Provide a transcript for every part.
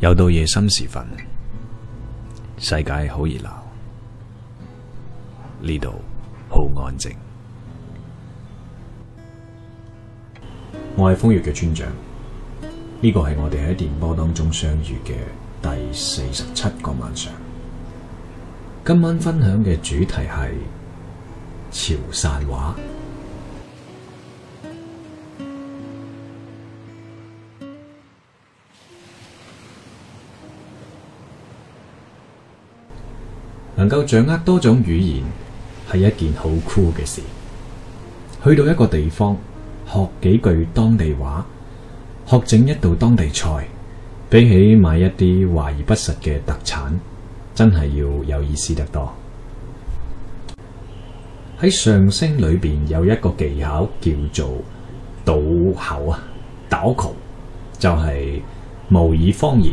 又到夜深時分，世界好熱鬧，呢度好安靜。我係瘋粵嘅村長，呢個係我哋喺電波當中相遇嘅第四十七個晚上。今晚分享嘅主題係潮汕話。能夠掌握多種語言係一件好酷嘅事。去到一個地方學幾句當地話，學整一道當地菜，比起買一啲華而不實嘅特產，真係要有意思得多。喺相聲裏邊有一個技巧叫做倒口啊，倒就係模擬方言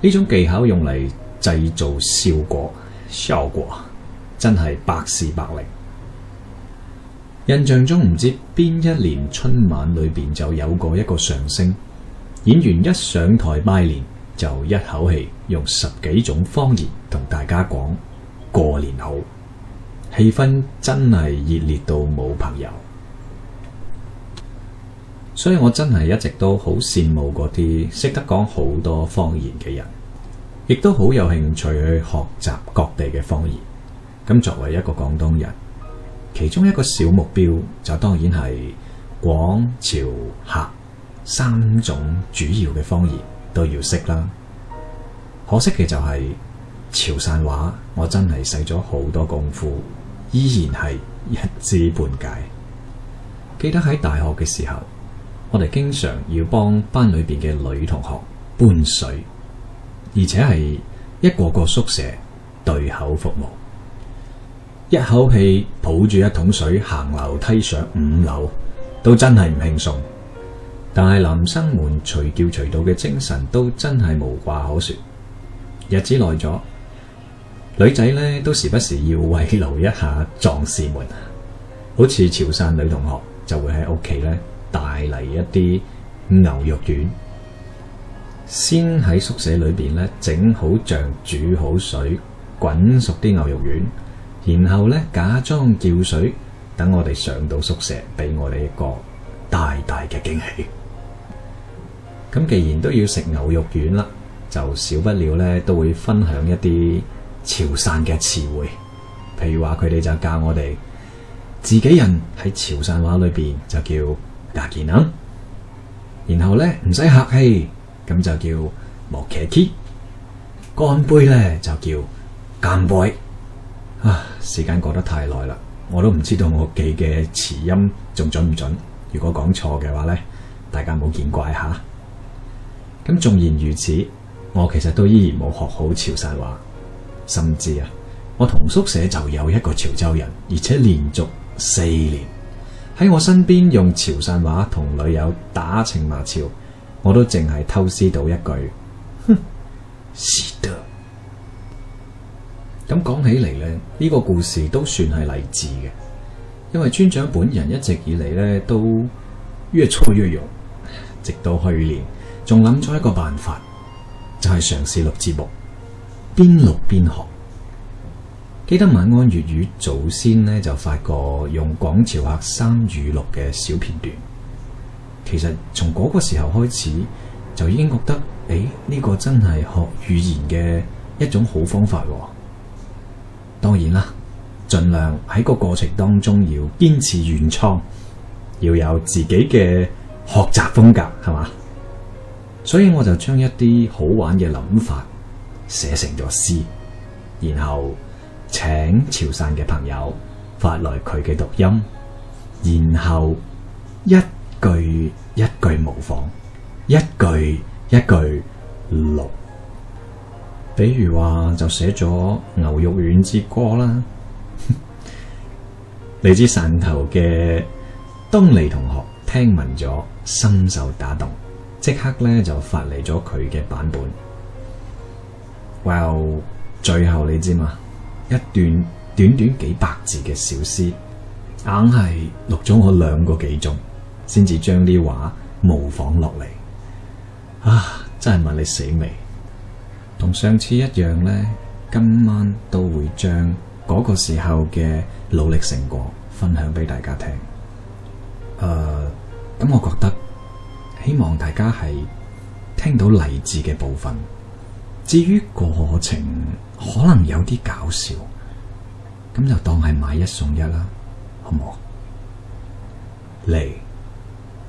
呢種技巧，用嚟製造笑果。笑果真係百試百靈。印象中唔知邊一年春晚裏邊就有過一個相聲演員一上台拜年，就一口氣用十幾種方言同大家講過年好，氣氛真係熱烈到冇朋友。所以我真係一直都好羨慕嗰啲識得講好多方言嘅人。亦都好有興趣去學習各地嘅方言。咁作為一個廣東人，其中一個小目標就當然係廣、潮、客三種主要嘅方言都要識啦。可惜嘅就係潮汕話，我真係使咗好多功夫，依然係一知半解。記得喺大學嘅時候，我哋經常要幫班裏邊嘅女同學搬水。而且係一個個宿舍對口服務，一口氣抱住一桶水行樓梯上五樓，都真係唔輕鬆。但係男生們隨叫隨到嘅精神都真係無話可説。日子耐咗，女仔咧都時不時要慰勞一下壯士們，好似潮汕女同學就會喺屋企咧帶嚟一啲牛肉丸。先喺宿舍裏邊咧整好醬，煮好水滾熟啲牛肉丸，然後咧假裝叫水，等我哋上到宿舍，俾我哋一個大大嘅驚喜。咁既然都要食牛肉丸啦，就少不了咧都會分享一啲潮汕嘅詞彙，譬如話佢哋就教我哋自己人喺潮汕話裏邊就叫膠己人啊，然後咧唔使客氣。咁就叫莫客氣，乾杯呢就叫乾杯。啊，時間過得太耐啦，我都唔知道我記嘅詞音仲準唔準。如果講錯嘅話呢，大家冇見怪嚇。咁縱然如此，我其實都依然冇學好潮汕話，甚至啊，我同宿舍就有一個潮州人，而且連續四年喺我身邊用潮汕話同女友打情罵俏。我都淨係偷師到一句，哼，是的。咁講起嚟咧，呢個故事都算係勵志嘅，因為村長本人一直以嚟咧都越挫越勇，直到去年仲諗咗一個辦法，就係嘗試錄節目，邊錄邊學。記得晚安粵語早先咧就發過用廣潮客三語錄嘅小片段。其實從嗰個時候開始，就已經覺得誒，呢個真係學語言嘅一種好方法喎。當然啦，盡量喺個過程當中要堅持原創，要有自己嘅學習風格，係嘛？所以我就將一啲好玩嘅諗法寫成咗詩，然後請潮汕嘅朋友發來佢嘅讀音，然後一。一句一句模仿，一句一句錄。比如話就寫咗《牛肉丸之歌》啦，嚟自汕頭嘅冬妮同學聽聞咗，深受打動，即刻咧就發嚟咗佢嘅版本。哇最後你知嘛？一段短短幾百字嘅小詩，硬係錄咗我兩個幾鐘。先至將啲話模仿落嚟啊！真係問你死未？同上次一樣呢，今晚都會將嗰個時候嘅努力成果分享俾大家聽。誒、呃、咁，我覺得希望大家係聽到勵志嘅部分。至於過程，可能有啲搞笑，咁就當係買一送一啦，好冇嚟。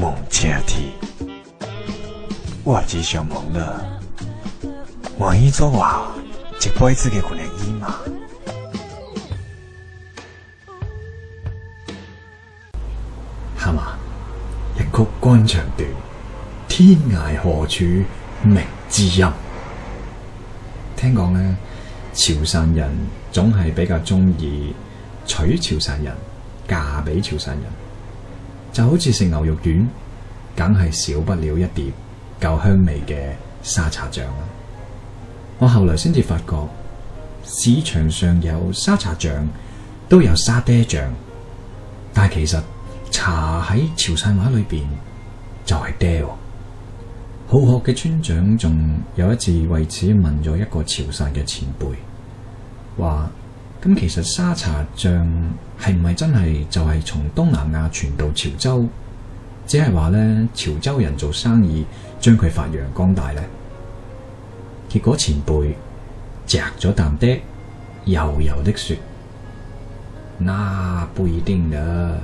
望遮天，我只想望啦。願意做話，一輩子嘅個人意嘛？係嘛？一曲肝腸斷，天涯何處覓知音？聽講咧，潮汕人總係比較中意娶潮汕人，嫁俾潮汕人。就好似食牛肉丸，梗係少不了一碟夠香味嘅沙茶醬啦。我後來先至發覺，市場上有沙茶醬，都有沙爹醬，但係其實茶喺潮汕話裏邊就係爹哦。好學嘅村長仲有一次為此問咗一個潮汕嘅前輩，話。咁其實沙茶醬係唔係真係就係從東南亞傳到潮州？只係話咧，潮州人做生意將佢發揚光大咧。結果前輩嚼咗啖爹，悠悠的説：那不一定的。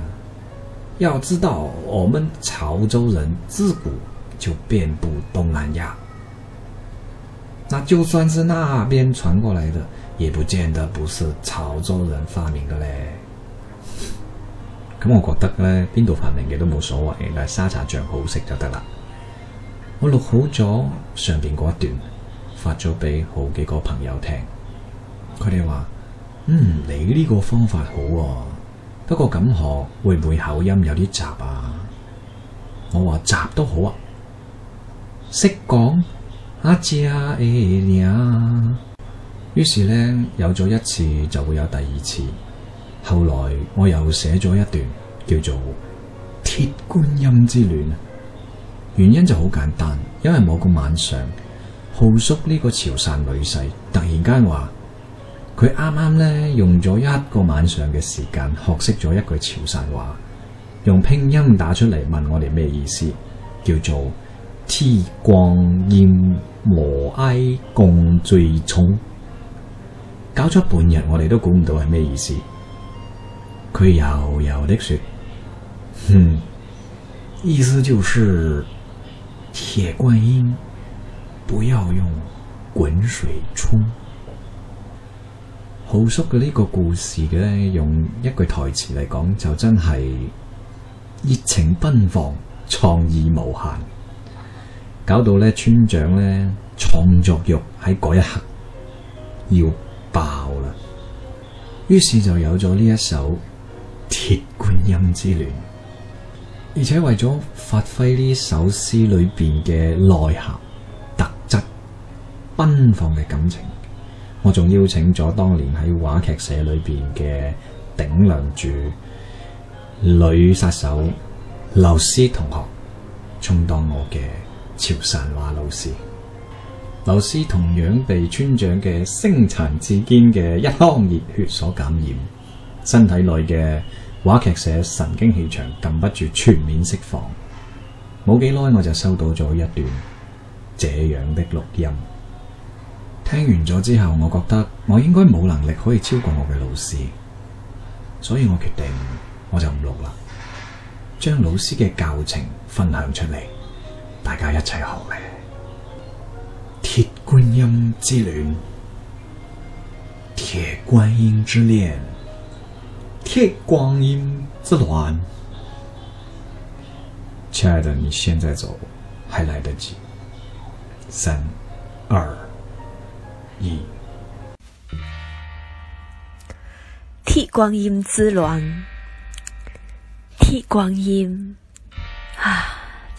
要知道，我們潮州人自古就遍布東南亞。那就算是那邊傳過來的，也不見得不是潮州人發明嘅咧。咁 我覺得呢邊度發明嘅都冇所謂，應該係沙茶醬好食就得啦。我錄好咗上邊嗰一段，發咗俾好幾個朋友聽，佢哋話：嗯，你呢個方法好啊，不過咁學會唔會口音有啲雜啊？我話雜都好啊，識講。阿知啊，你啊，於是咧，有咗一次就會有第二次。後來我又寫咗一段叫做《鐵觀音之戀》，原因就好簡單，因為某個晚上，浩叔呢個潮汕女婿突然間話：佢啱啱咧用咗一個晚上嘅時間，學識咗一句潮汕話，用拼音打出嚟問我哋咩意思，叫做鐵光音。和埃共最沖，搞咗半日，我哋都估唔到係咩意思。佢柔柔的說，嗯，意思就是鐵觀音不要用滾水沖。浩叔嘅呢個故事嘅咧，用一句台詞嚟講，就真係熱情奔放，創意無限。搞到咧，村長咧創作欲喺嗰一刻要爆啦，於是就有咗呢一首《鐵觀音之戀》，而且為咗發揮呢首詩裏邊嘅內涵、特質、奔放嘅感情，我仲邀請咗當年喺話劇社裏邊嘅頂梁柱、女殺手、劉詩同學充當我嘅。潮汕話老師，老師同樣被村長嘅身殘志堅嘅一腔熱血所感染，身體內嘅話劇社神經氣場禁不住全面釋放。冇幾耐我就收到咗一段這樣的錄音。聽完咗之後，我覺得我應該冇能力可以超過我嘅老師，所以我決定我就唔錄啦，將老師嘅教程分享出嚟。大家一齊學咧，《鐵觀音之戀》《鐵觀音之戀》《鐵觀音之戀》，親愛的，你現在走還來得及，三二一，《鐵觀音之戀》《鐵觀音》。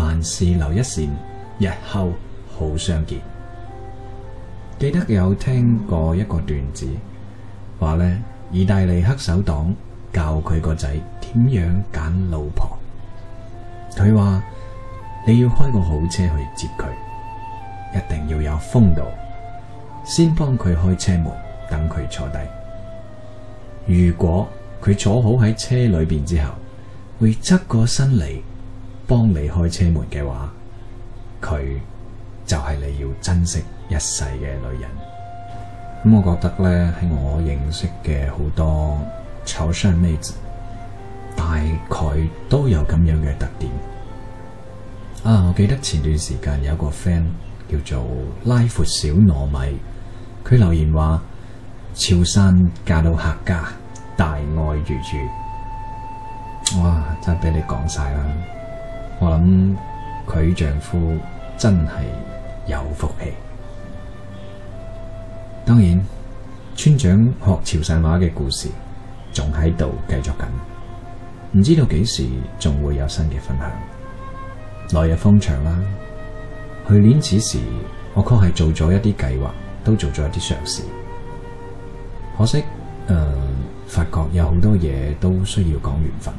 凡事留一線，日後好相見。記得有聽過一個段子，話咧意大利黑手黨教佢個仔點樣揀老婆。佢話你要開個好車去接佢，一定要有風度，先幫佢開車門，等佢坐低。如果佢坐好喺車裏邊之後，會側個身嚟。幫你開車門嘅話，佢就係你要珍惜一世嘅女人。咁、嗯、我覺得咧，我認識嘅好多潮汕妹子，大概都有咁樣嘅特點。啊，我記得前段時間有個 friend 叫做拉闊小糯米，佢留言話潮汕嫁到客家，大愛如如。哇，真係俾你講晒啦！我諗佢丈夫真係有福氣。當然，村長學潮汕話嘅故事仲喺度繼續緊，唔知道幾時仲會有新嘅分享。來日方長啦。去年此時，我確係做咗一啲計劃，都做咗一啲嘗試。可惜，誒、呃，發覺有好多嘢都需要講緣分，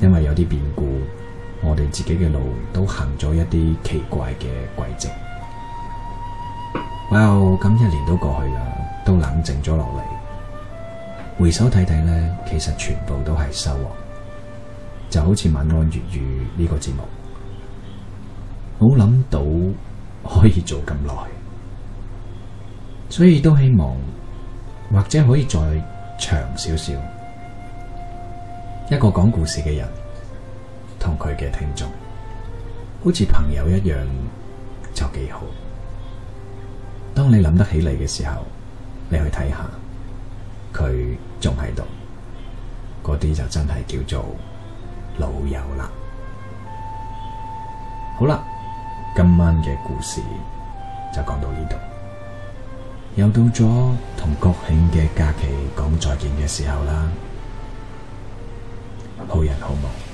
因為有啲變故。我哋自己嘅路都行咗一啲奇怪嘅軌跡，哇！咁一年都過去啦，都冷靜咗落嚟，回首睇睇咧，其實全部都係收穫，就好似《晚安粵語》呢個節目，冇諗到可以做咁耐，所以都希望或者可以再長少少，一個講故事嘅人。同佢嘅聽眾，好似朋友一樣就幾好。當你諗得起你嘅時候，你去睇下佢仲喺度，嗰啲就真係叫做老友啦。好啦，今晚嘅故事就講到呢度，又到咗同國慶嘅假期講再見嘅時候啦。好人好夢。